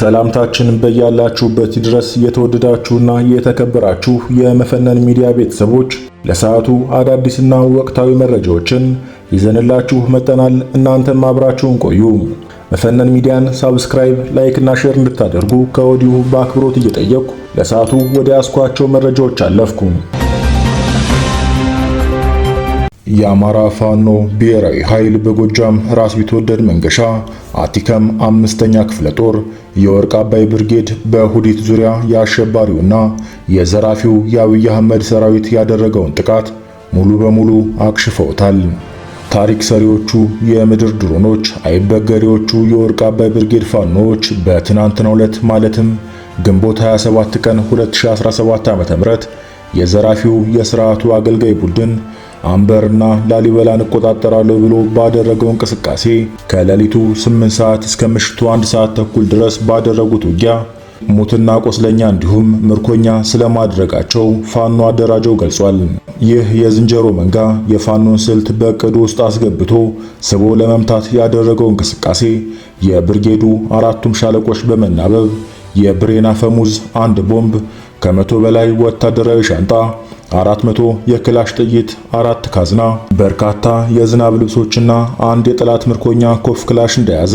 ሰላምታችን በያላችሁበት ድረስ የተወደዳችሁና የተከበራችሁ የመፈነን ሚዲያ ቤተሰቦች ለሰዓቱ አዳዲስና ወቅታዊ መረጃዎችን ይዘንላችሁ መጠናል። እናንተም አብራችሁን ቆዩ። መፈነን ሚዲያን ሳብስክራይብ፣ ላይክ እና ሼር እንድታደርጉ ከወዲሁ በአክብሮት እየጠየቅኩ ለሰዓቱ ወደ ያስኳቸው መረጃዎች አለፍኩ። የአማራ ፋኖ ብሔራዊ ኃይል በጎጃም ራስ ቢትወደድ መንገሻ አቲከም አምስተኛ ክፍለ ጦር የወርቅ አባይ ብርጌድ በሁዲት ዙሪያ የአሸባሪውና የዘራፊው የአብይ አህመድ ሰራዊት ያደረገውን ጥቃት ሙሉ በሙሉ አክሽፈውታል። ታሪክ ሰሪዎቹ የምድር ድሮኖች፣ አይበገሬዎቹ የወርቅ አባይ ብርጌድ ፋኖዎች በትናንትናው ዕለት ማለትም ግንቦት 27 ቀን 2017 ዓ.ም የዘራፊው የስርዓቱ አገልጋይ ቡድን አምበርና ላሊበላን እቆጣጠራለሁ ብሎ ባደረገው እንቅስቃሴ ከሌሊቱ 8 ሰዓት እስከ ምሽቱ 1 ሰዓት ተኩል ድረስ ባደረጉት ውጊያ ሙትና ቆስለኛ እንዲሁም ምርኮኛ ስለማድረጋቸው ፋኖ አደራጀው ገልጿል። ይህ የዝንጀሮ መንጋ የፋኖን ስልት በእቅዱ ውስጥ አስገብቶ ስቦ ለመምታት ያደረገው እንቅስቃሴ የብርጌዱ አራቱም ሻለቆች በመናበብ የብሬና ፈሙዝ አንድ ቦምብ ከመቶ በላይ ወታደራዊ ሻንጣ፣ 400 የክላሽ ጥይት፣ አራት ካዝና፣ በርካታ የዝናብ ልብሶችና አንድ የጠላት ምርኮኛ ኮፍ ክላሽ እንደያዘ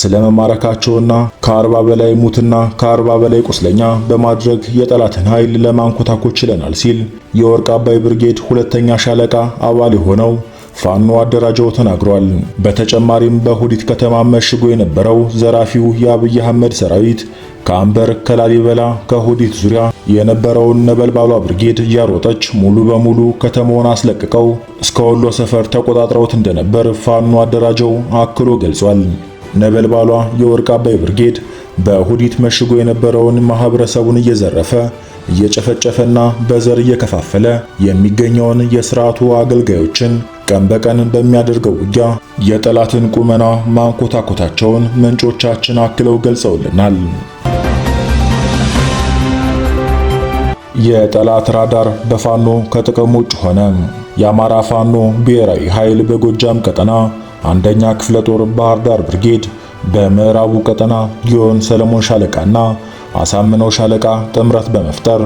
ስለመማረካቸውና ከአርባ በላይ ሙትና ከአርባ በላይ ቁስለኛ በማድረግ የጠላትን ኃይል ለማንኮታኮት ችለናል ሲል የወርቅ አባይ ብርጌድ ሁለተኛ ሻለቃ አባል የሆነው ፋኖ አደራጃው ተናግሯል። በተጨማሪም በሁዲት ከተማ መሽጎ የነበረው ዘራፊው የአብይ አህመድ ሰራዊት ከአምበር፣ ከላሊበላ፣ ከሁዲት ዙሪያ የነበረውን ነበልባሏ ብርጌድ እያሮጠች ሙሉ በሙሉ ከተማውን አስለቅቀው እስከ ወሎ ሰፈር ተቆጣጥረውት እንደነበር ፋኖ አደራጀው አክሎ ገልጿል። ነበልባሏ የወርቅ አባይ ብርጌድ በሁዲት መሽጎ የነበረውን ማህበረሰቡን እየዘረፈ እየጨፈጨፈና በዘር እየከፋፈለ የሚገኘውን የስርዓቱ አገልጋዮችን ቀን በቀን በሚያደርገው ውጊያ የጠላትን ቁመና ማንኮታኮታቸውን ምንጮቻችን አክለው ገልጸውልናል። የጠላት ራዳር በፋኖ ከጥቅም ውጭ ሆነ። የአማራ ፋኖ ብሔራዊ ኃይል በጎጃም ቀጠና አንደኛ ክፍለ ጦር ባህር ዳር ብርጌድ በምዕራቡ ቀጠና ጊዮን ሰለሞን ሻለቃና አሳምነው ሻለቃ ጥምረት በመፍጠር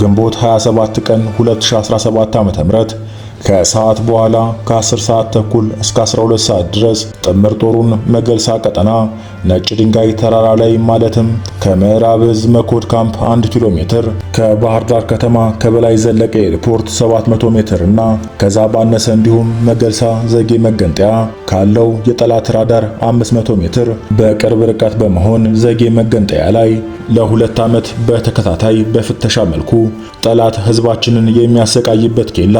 ግንቦት 27 ቀን 2017 ዓ.ም ከሰዓት በኋላ ከ10 ሰዓት ተኩል እስከ 12 ሰዓት ድረስ ጥምር ጦሩን መገልሳ ቀጠና ነጭ ድንጋይ ተራራ ላይ ማለትም ከምዕራብ እዝ መኮድ ካምፕ 1 ኪሎ ሜትር ከባህር ዳር ከተማ ከበላይ ዘለቀ ኤርፖርት 700 ሜትር እና ከዛ ባነሰ እንዲሁም መገልሳ ዘጌ መገንጠያ ካለው የጠላት ራዳር 500 ሜትር በቅርብ ርቀት በመሆን ዘጌ መገንጠያ ላይ ለሁለት ዓመት በተከታታይ በፍተሻ መልኩ ጠላት ህዝባችንን የሚያሰቃይበት ኬላ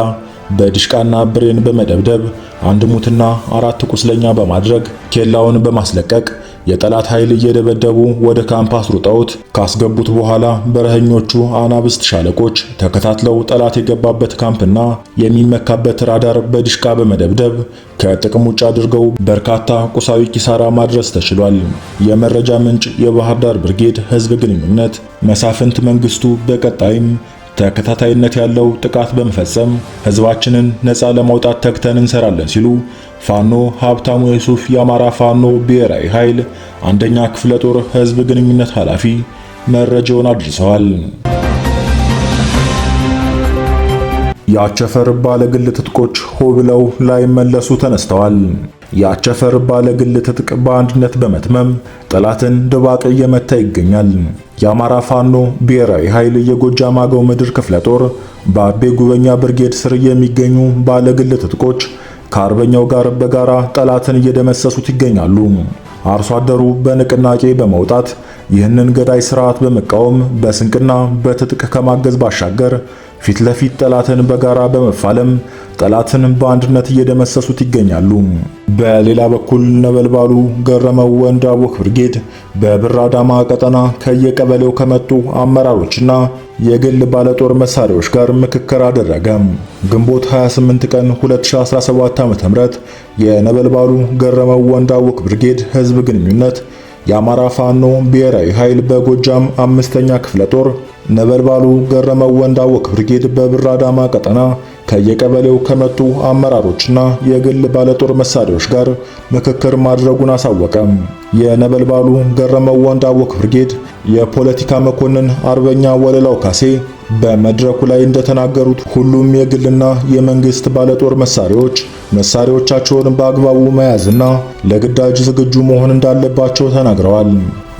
በድሽቃና ብሬን በመደብደብ አንድ ሙትና አራት ቁስለኛ በማድረግ ኬላውን በማስለቀቅ የጠላት ኃይል እየደበደቡ ወደ ካምፕ አስሩጠውት ካስገቡት በኋላ በረኸኞቹ አናብስት ሻለቆች ተከታትለው ጠላት የገባበት ካምፕና የሚመካበት ራዳር በድሽቃ በመደብደብ ከጥቅም ውጭ አድርገው በርካታ ቁሳዊ ኪሳራ ማድረስ ተችሏል። የመረጃ ምንጭ የባህር ዳር ብርጌድ ሕዝብ ግንኙነት መሳፍንት መንግስቱ በቀጣይም ተከታታይነት ያለው ጥቃት በመፈጸም ህዝባችንን ነፃ ለማውጣት ተግተን እንሰራለን ሲሉ ፋኖ ሀብታሙ የሱፍ የአማራ ፋኖ ብሔራዊ ኃይል አንደኛ ክፍለ ጦር ህዝብ ግንኙነት ኃላፊ መረጃውን አድርሰዋል። የአቸፈር ባለግል ትጥቆች ሆ ብለው ላይመለሱ ተነስተዋል። የአቸፈር ባለግል ትጥቅ በአንድነት በመትመም ጠላትን ድባቅ እየመታ ይገኛል። የአማራ ፋኖ ብሔራዊ ኃይል የጎጃም አገው ምድር ክፍለ ጦር በአቤ ጉበኛ ብርጌድ ስር የሚገኙ ባለግል ትጥቆች ከአርበኛው ጋር በጋራ ጠላትን እየደመሰሱት ይገኛሉ። አርሶ አደሩ በንቅናቄ በመውጣት ይህንን ገዳይ ስርዓት በመቃወም በስንቅና በትጥቅ ከማገዝ ባሻገር ፊት ለፊት ጠላትን በጋራ በመፋለም ጠላትን በአንድነት እየደመሰሱት ይገኛሉ። በሌላ በኩል ነበልባሉ ገረመው ወንዳቦክ ብርጌድ በብር አዳማ ቀጠና ከየቀበሌው ከመጡ አመራሮችና የግል ባለጦር መሳሪያዎች ጋር ምክክር አደረገ። ግንቦት 28 ቀን 2017 ዓ.ም የነበልባሉ ገረመው ወንዳቦክ ብርጌድ ህዝብ ግንኙነት የአማራ ፋኖ ብሔራዊ ኃይል በጎጃም አምስተኛ ክፍለ ጦር ነበልባሉ ገረመው ወንዳወቅ ብርጌድ በብር አዳማ ቀጠና ከየቀበሌው ከመጡ አመራሮችና የግል ባለጦር መሳሪያዎች ጋር ምክክር ማድረጉን አሳወቀ። የነበልባሉ ገረመው ወንዳወቅ ብርጌድ የፖለቲካ መኮንን አርበኛ ወለላው ካሴ በመድረኩ ላይ እንደተናገሩት ሁሉም የግልና የመንግስት ባለጦር መሳሪያዎች መሳሪያዎቻቸውን በአግባቡ መያዝና ለግዳጅ ዝግጁ መሆን እንዳለባቸው ተናግረዋል።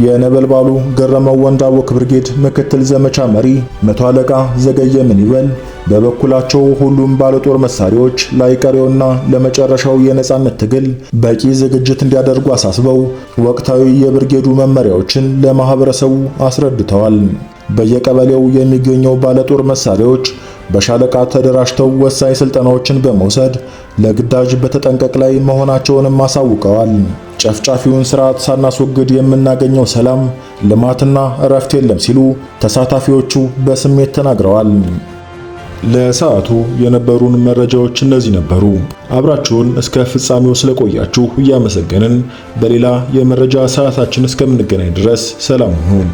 የነበልባሉ ገረመው ወንዳወቅ ብርጌድ ምክትል ዘመቻ መሪ መቶ አለቃ ዘገየ ምንይበል በበኩላቸው ሁሉም ባለጦር መሳሪያዎች ላይቀሬውና ለመጨረሻው የነጻነት ትግል በቂ ዝግጅት እንዲያደርጉ አሳስበው ወቅታዊ የብርጌዱ መመሪያዎችን ለማህበረሰቡ አስረድተዋል። በየቀበሌው የሚገኘው ባለጦር መሳሪያዎች በሻለቃ ተደራጅተው ወሳኝ ስልጠናዎችን በመውሰድ ለግዳጅ በተጠንቀቅ ላይ መሆናቸውንም አሳውቀዋል። ጨፍጫፊውን ስርዓት ሳናስወግድ የምናገኘው ሰላም፣ ልማትና እረፍት የለም ሲሉ ተሳታፊዎቹ በስሜት ተናግረዋል። ለሰዓቱ የነበሩን መረጃዎች እነዚህ ነበሩ። አብራችሁን እስከ ፍጻሜው ስለቆያችሁ እያመሰገንን በሌላ የመረጃ ሰዓታችን እስከምንገናኝ ድረስ ሰላም ሁኑ።